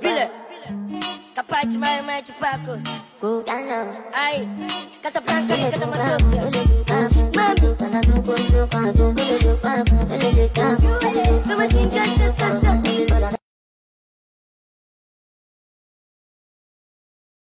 Bila Kapag may may chupaco Cubano Ay Casablanca ni Catamatopia Mami Mami Mami Mami Mami Mami Mami Mami Mami